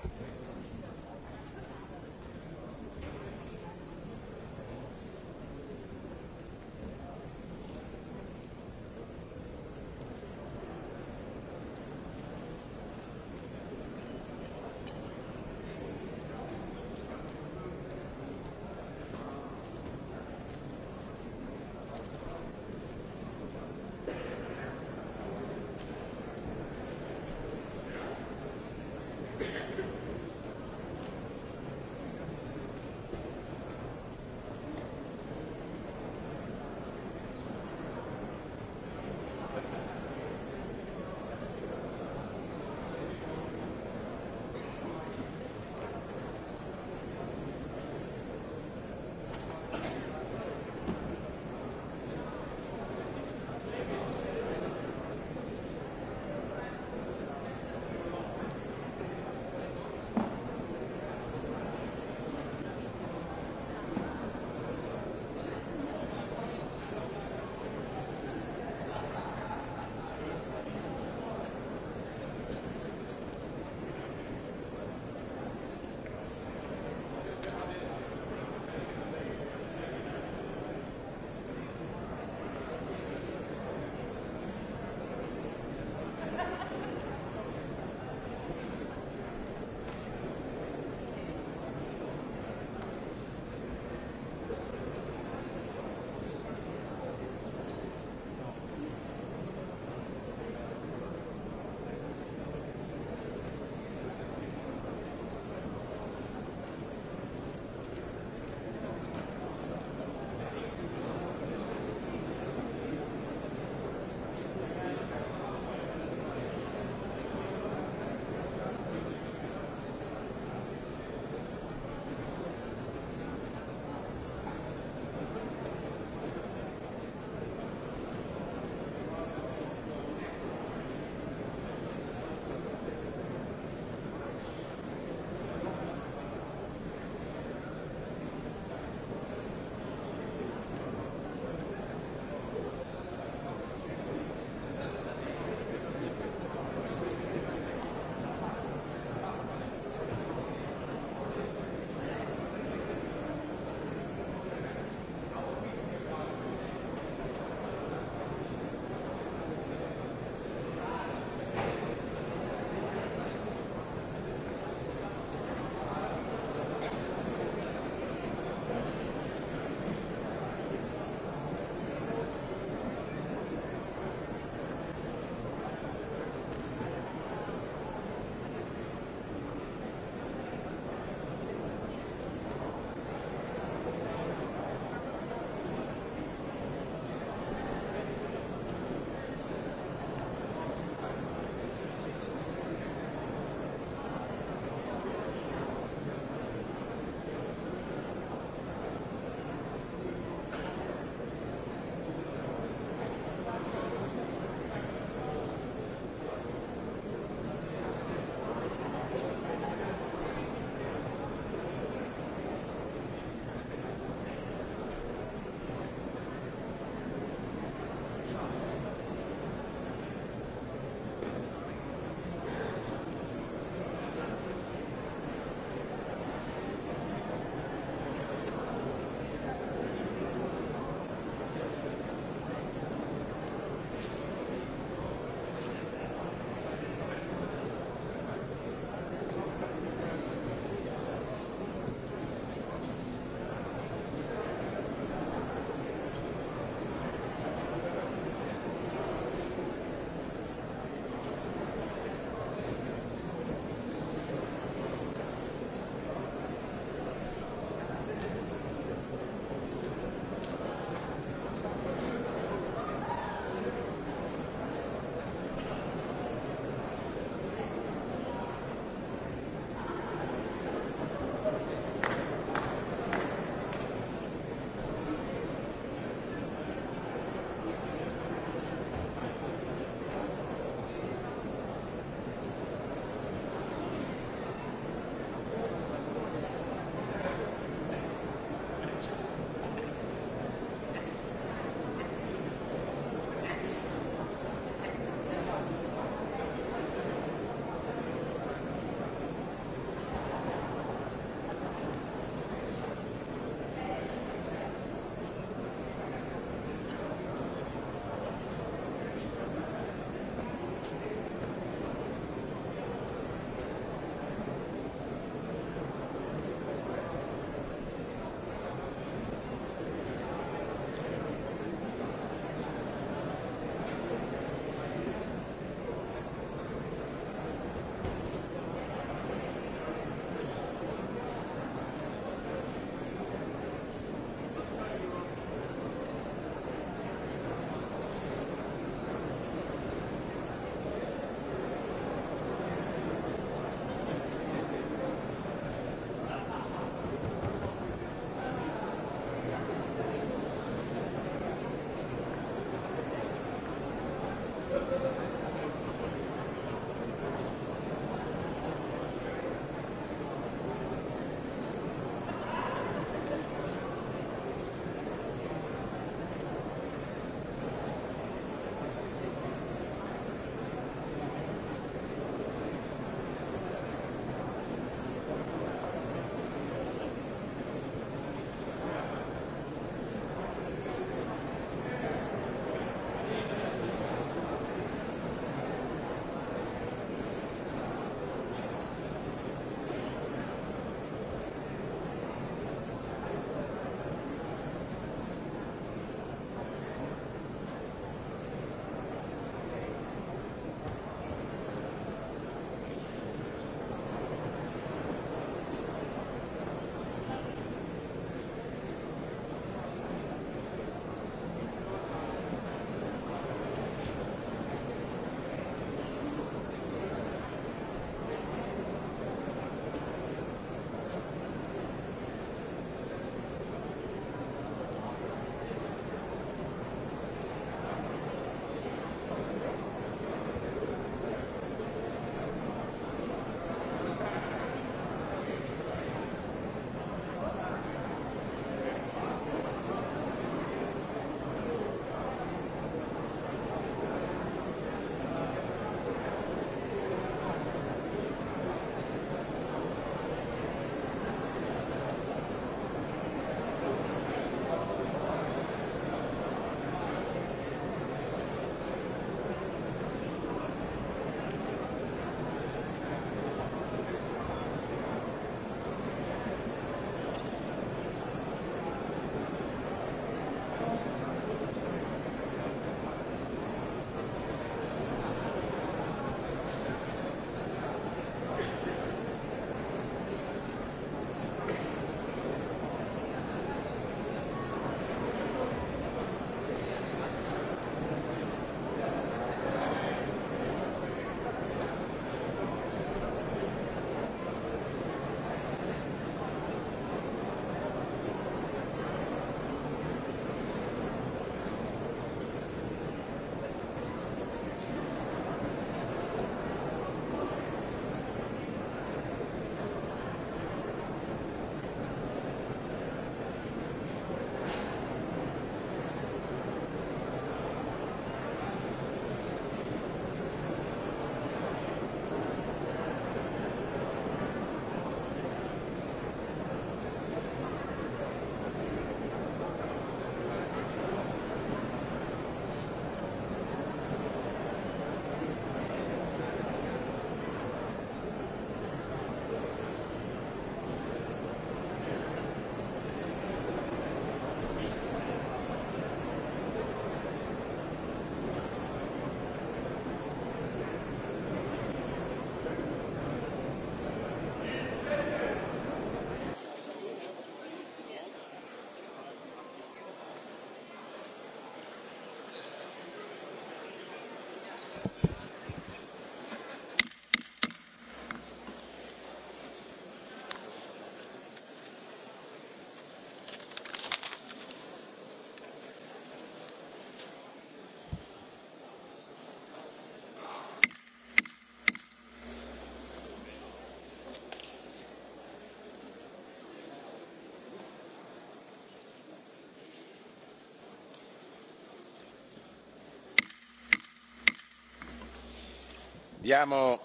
Diamo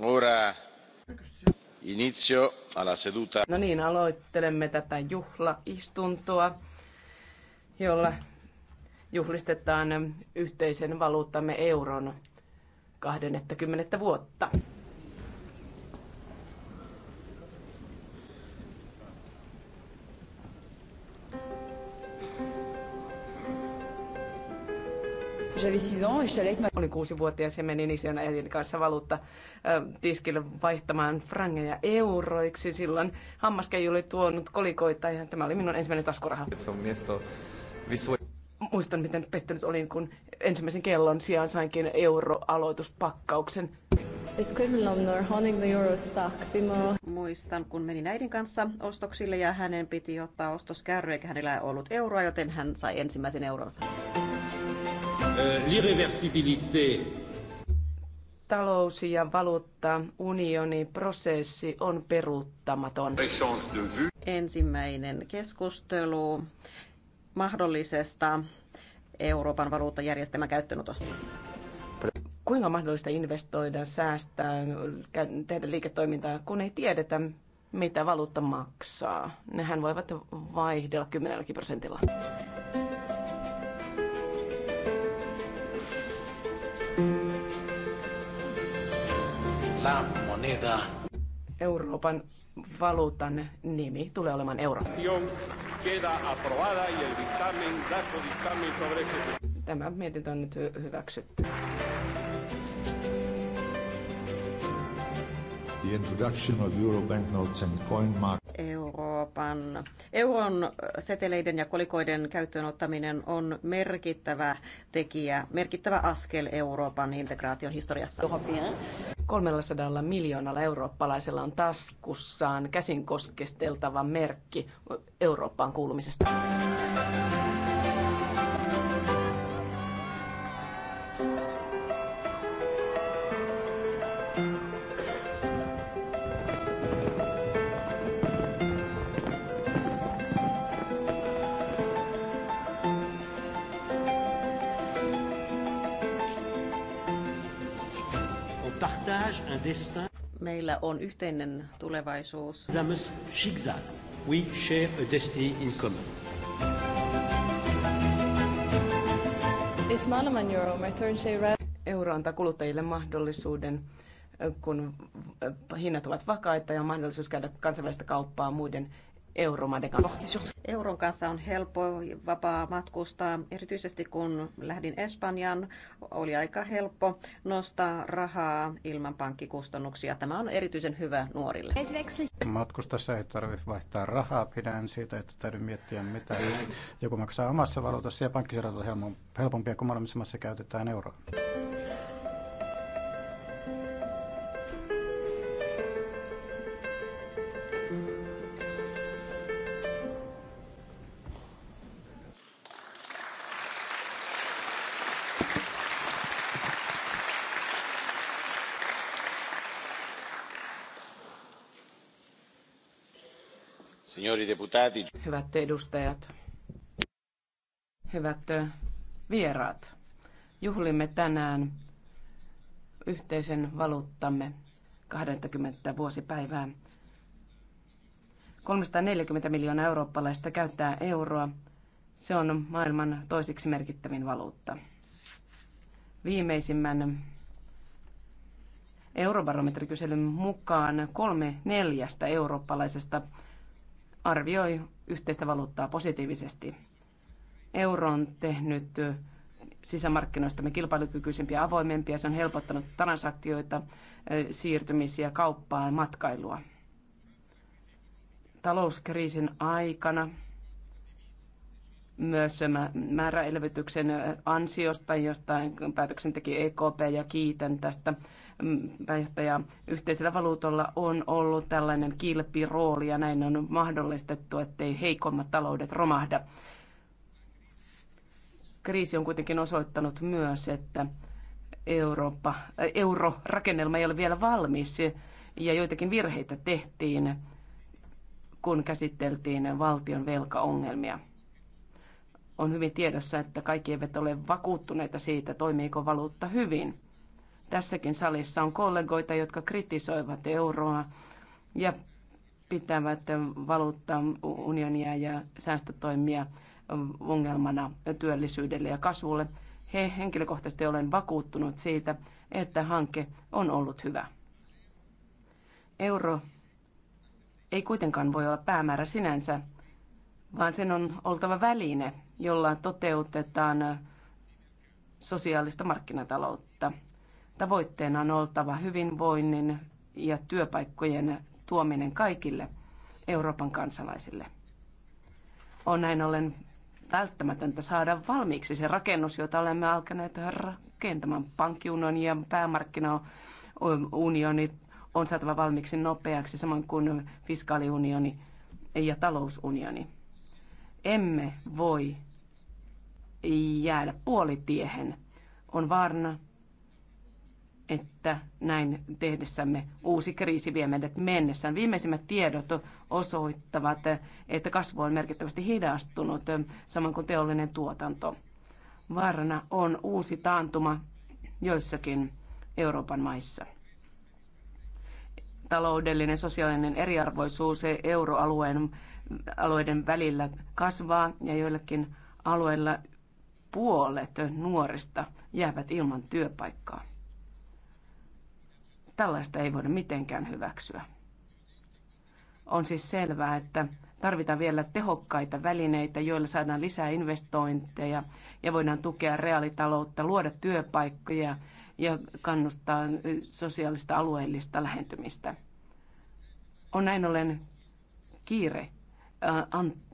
ora inizio alla seduta. No niin, aloittelemme tätä juhlaistuntoa, jolla juhlistetaan yhteisen valuuttamme euron 20 vuotta. j'avais 6 ans Olin kuusivuotias ja menin isän äidin kanssa valuutta tiskille vaihtamaan frangeja euroiksi. Silloin hammaskei oli tuonut kolikoita ja tämä oli minun ensimmäinen taskuraha. Muistan, miten pettynyt olin, kun ensimmäisen kellon sijaan sainkin euroaloituspakkauksen. Muistan, kun menin äidin kanssa ostoksille ja hänen piti ottaa ostoskärry, eikä hänellä ollut euroa, joten hän sai ensimmäisen euronsa. Euh, l'irreversibilité talous- ja unioni prosessi on peruuttamaton. Ensimmäinen keskustelu mahdollisesta Euroopan valuuttajärjestelmän käyttöönotosta. Kuinka on mahdollista investoida, säästää, tehdä liiketoimintaa, kun ei tiedetä, mitä valuutta maksaa? Nehän voivat vaihdella kymmenelläkin prosentilla. la moneda. Euroopan valuutan nimi tulee olemaan euro. Tämä mietintö on nyt hyväksytty. The introduction of euro banknotes and coin mark. Euroopan euron seteleiden ja kolikoiden käyttöön ottaminen on merkittävä tekijä, merkittävä askel Euroopan integraation historiassa. 300 miljoonalla eurooppalaisella on taskussaan käsin koskesteltava merkki Eurooppaan kuulumisesta. Meillä on yhteinen tulevaisuus. Schicksal. We share a destiny in common. Euro antaa kuluttajille mahdollisuuden, äh, kun äh, hinnat ovat vakaita ja mahdollisuus käydä kansainvälistä kauppaa muiden euromaiden kanssa. Euron kanssa on helppo vapaa matkustaa, erityisesti kun lähdin Espanjan, oli aika helppo nostaa rahaa ilman pankkikustannuksia. Tämä on erityisen hyvä nuorille. Matkustassa ei tarvitse vaihtaa rahaa, pidän siitä, että täytyy miettiä mitä joku maksaa omassa valuutassa ja pankkisirat on helpompia kuin molemmissa maissa käytetään euroa. deputati. Hyvät edustajat, hyvät vieraat, juhlimme tänään yhteisen valuuttamme 20. vuosipäivää. 340 miljoonaa eurooppalaista käyttää euroa. Se on maailman toisiksi merkittävin valuutta. Viimeisimmän eurobarometrikyselyn mukaan kolme neljästä eurooppalaisesta arvioi yhteistä valuuttaa positiivisesti. Euro on tehnyt sisämarkkinoistamme kilpailukykyisempiä ja avoimempia. Se on helpottanut transaktioita, siirtymisiä, kauppaa ja matkailua. Talouskriisin aikana myös määräelvytyksen ansiosta, josta päätöksen teki EKP ja kiitän tästä mm, pääjohtaja. Yhteisellä valuutolla on ollut tällainen kilpirooli ja näin on mahdollistettu, ettei heikommat taloudet romahda. Kriisi on kuitenkin osoittanut myös, että Eurooppa, äh, eurorakennelma ei ole vielä valmis ja joitakin virheitä tehtiin, kun käsiteltiin valtion velkaongelmia on hyvin tiedossa, että kaikki eivät ole vakuuttuneita siitä, toimiiko valuutta hyvin. Tässäkin salissa on kollegoita, jotka kritisoivat euroa ja pitävät valuuttaunionia ja säästötoimia ongelmana työllisyydelle ja kasvulle. He henkilökohtaisesti olen vakuuttunut siitä, että hanke on ollut hyvä. Euro ei kuitenkaan voi olla päämäärä sinänsä, vaan sen on oltava väline jolla toteutetaan sosiaalista markkinataloutta. Tavoitteena on oltava hyvinvoinnin ja työpaikkojen tuominen kaikille Euroopan kansalaisille. On näin ollen välttämätöntä saada valmiiksi se rakennus, jota olemme alkaneet rakentamaan. Pankkiunioni ja päämarkkinaunioni on saatava valmiiksi nopeaksi, samoin kuin fiskaaliunioni ja talousunioni. Emme voi jäädä puolitiehen. On varna, että näin tehdessämme uusi kriisi vie meidät mennessään. Viimeisimmät tiedot osoittavat, että kasvu on merkittävästi hidastunut, samoin kuin teollinen tuotanto. Vaarana on uusi taantuma joissakin Euroopan maissa. Taloudellinen, sosiaalinen eriarvoisuus euroalueen alueiden välillä kasvaa ja joillakin alueilla puolet nuorista jäävät ilman työpaikkaa. Tällaista ei voida mitenkään hyväksyä. On siis selvää, että tarvitaan vielä tehokkaita välineitä, joilla saadaan lisää investointeja ja voidaan tukea reaalitaloutta, luoda työpaikkoja ja kannustaa sosiaalista alueellista lähentymistä. On näin ollen kiire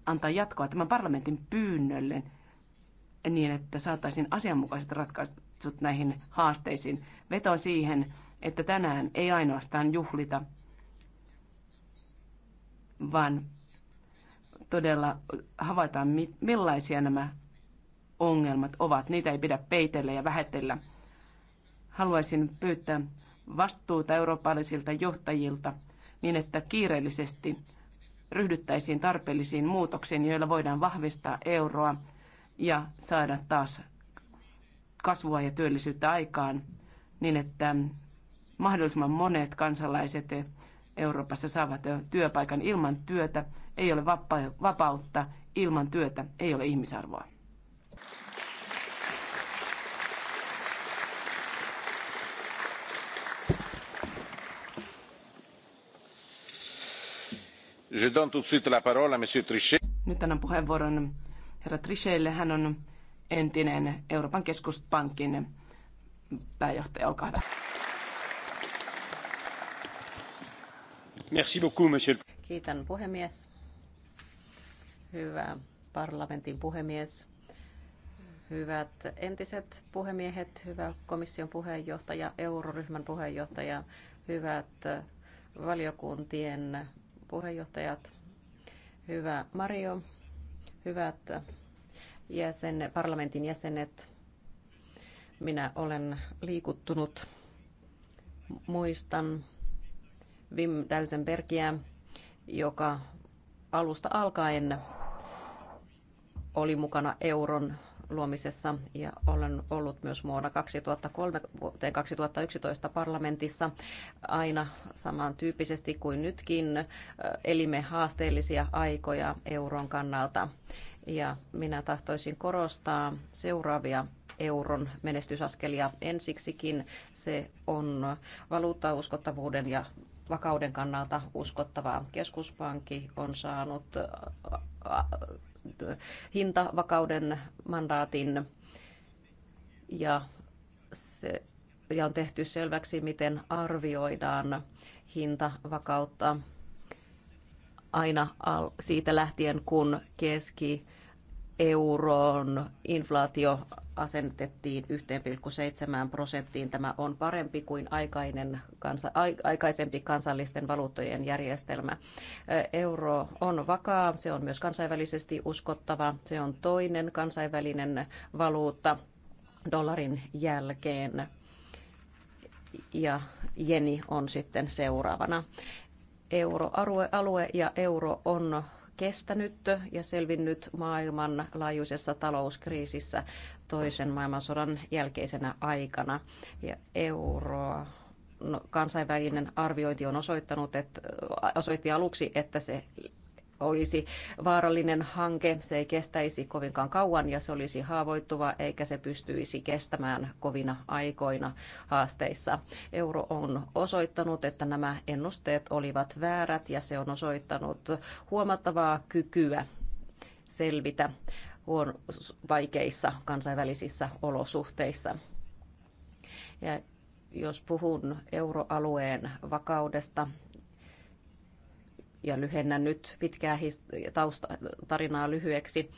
antaa jatkoa tämän parlamentin pyynnölle niin, että saataisiin asianmukaiset ratkaisut näihin haasteisiin. Veto siihen, että tänään ei ainoastaan juhlita, vaan todella havaitaan, millaisia nämä ongelmat ovat. Niitä ei pidä peitellä ja vähätellä. Haluaisin pyytää vastuuta eurooppalaisilta johtajilta niin, että kiireellisesti ryhdyttäisiin tarpeellisiin muutoksiin, joilla voidaan vahvistaa euroa ja saada taas kasvua ja työllisyyttä aikaan niin, että mahdollisimman monet kansalaiset Euroopassa saavat työpaikan ilman työtä. Ei ole vapautta, ilman työtä ei ole ihmisarvoa. Nyt annan puheenvuoron herra Trichelle. Hän on entinen Euroopan keskuspankin pääjohtaja. Olkaa hyvä. Merci beaucoup, monsieur. Kiitän puhemies. Hyvä parlamentin puhemies. Hyvät entiset puhemiehet, hyvä komission puheenjohtaja, euroryhmän puheenjohtaja, hyvät valiokuntien puheenjohtajat, hyvä Mario, Hyvät jäsen, parlamentin jäsenet, minä olen liikuttunut. Muistan Wim Dausenbergia, joka alusta alkaen oli mukana euron luomisessa ja olen ollut myös vuonna 2003 vuoteen 2011 parlamentissa aina samantyyppisesti kuin nytkin. Elimme haasteellisia aikoja euron kannalta ja minä tahtoisin korostaa seuraavia euron menestysaskelia. Ensiksikin se on valuuttauskottavuuden ja vakauden kannalta uskottavaa. Keskuspankki on saanut hintavakauden mandaatin ja, se, ja on tehty selväksi, miten arvioidaan hintavakautta aina siitä lähtien, kun keski euroon. inflaatio asennettiin 1,7 prosenttiin. Tämä on parempi kuin aikainen, kansa, aikaisempi kansallisten valuuttojen järjestelmä. Euro on vakaa, se on myös kansainvälisesti uskottava, se on toinen kansainvälinen valuutta dollarin jälkeen ja jeni on sitten seuraavana. Euroalue ja euro on kestänyt ja selvinnyt maailmanlaajuisessa talouskriisissä toisen maailmansodan jälkeisenä aikana. Ja euroa no, kansainvälinen arviointi on osoittanut, että, osoitti aluksi, että se olisi vaarallinen hanke, se ei kestäisi kovinkaan kauan ja se olisi haavoittuva eikä se pystyisi kestämään kovina aikoina haasteissa. Euro on osoittanut, että nämä ennusteet olivat väärät ja se on osoittanut huomattavaa kykyä selvitä huon vaikeissa kansainvälisissä olosuhteissa. Ja jos puhun euroalueen vakaudesta ja lyhennän nyt pitkää tausta, tarinaa lyhyeksi.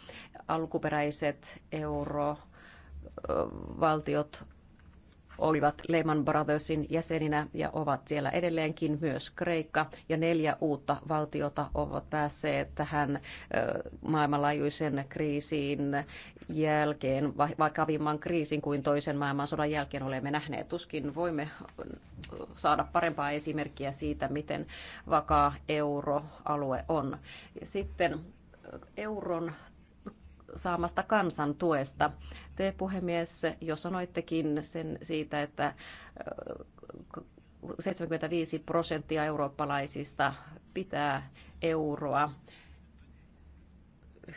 Alkuperäiset eurovaltiot olivat Lehman Brothersin jäseninä ja ovat siellä edelleenkin myös Kreikka ja neljä uutta valtiota ovat päässeet tähän maailmanlaajuisen kriisin jälkeen, vakavimman kriisin kuin toisen maailmansodan jälkeen olemme nähneet. Tuskin voimme saada parempaa esimerkkiä siitä, miten vakaa euroalue on. Sitten euron saamasta kansan tuesta. Te, puhemies, jo sanoittekin sen siitä, että 75 prosenttia eurooppalaisista pitää euroa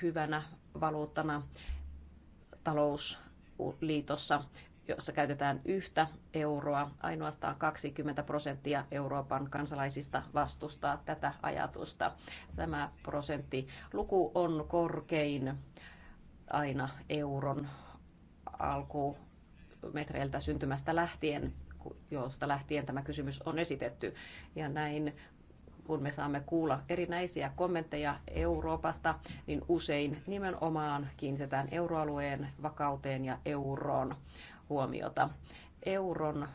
hyvänä valuuttana talousliitossa, jossa käytetään yhtä euroa. Ainoastaan 20 prosenttia Euroopan kansalaisista vastustaa tätä ajatusta. Tämä prosenttiluku on korkein aina euron alkumetreiltä syntymästä lähtien, josta lähtien tämä kysymys on esitetty. Ja näin kun me saamme kuulla erinäisiä kommentteja Euroopasta, niin usein nimenomaan kiinnitetään euroalueen vakauteen ja euroon huomiota. Euron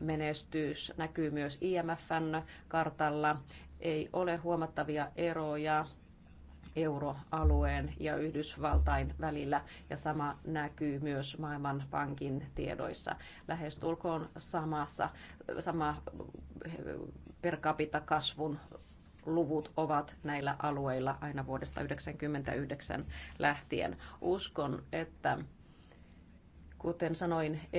menestys näkyy myös IMFn kartalla. Ei ole huomattavia eroja euroalueen ja Yhdysvaltain välillä ja sama näkyy myös Maailmanpankin tiedoissa. Lähestulkoon samassa, sama eh, per capita kasvun luvut ovat näillä alueilla aina vuodesta 1999 lähtien. Uskon, että kuten sanoin,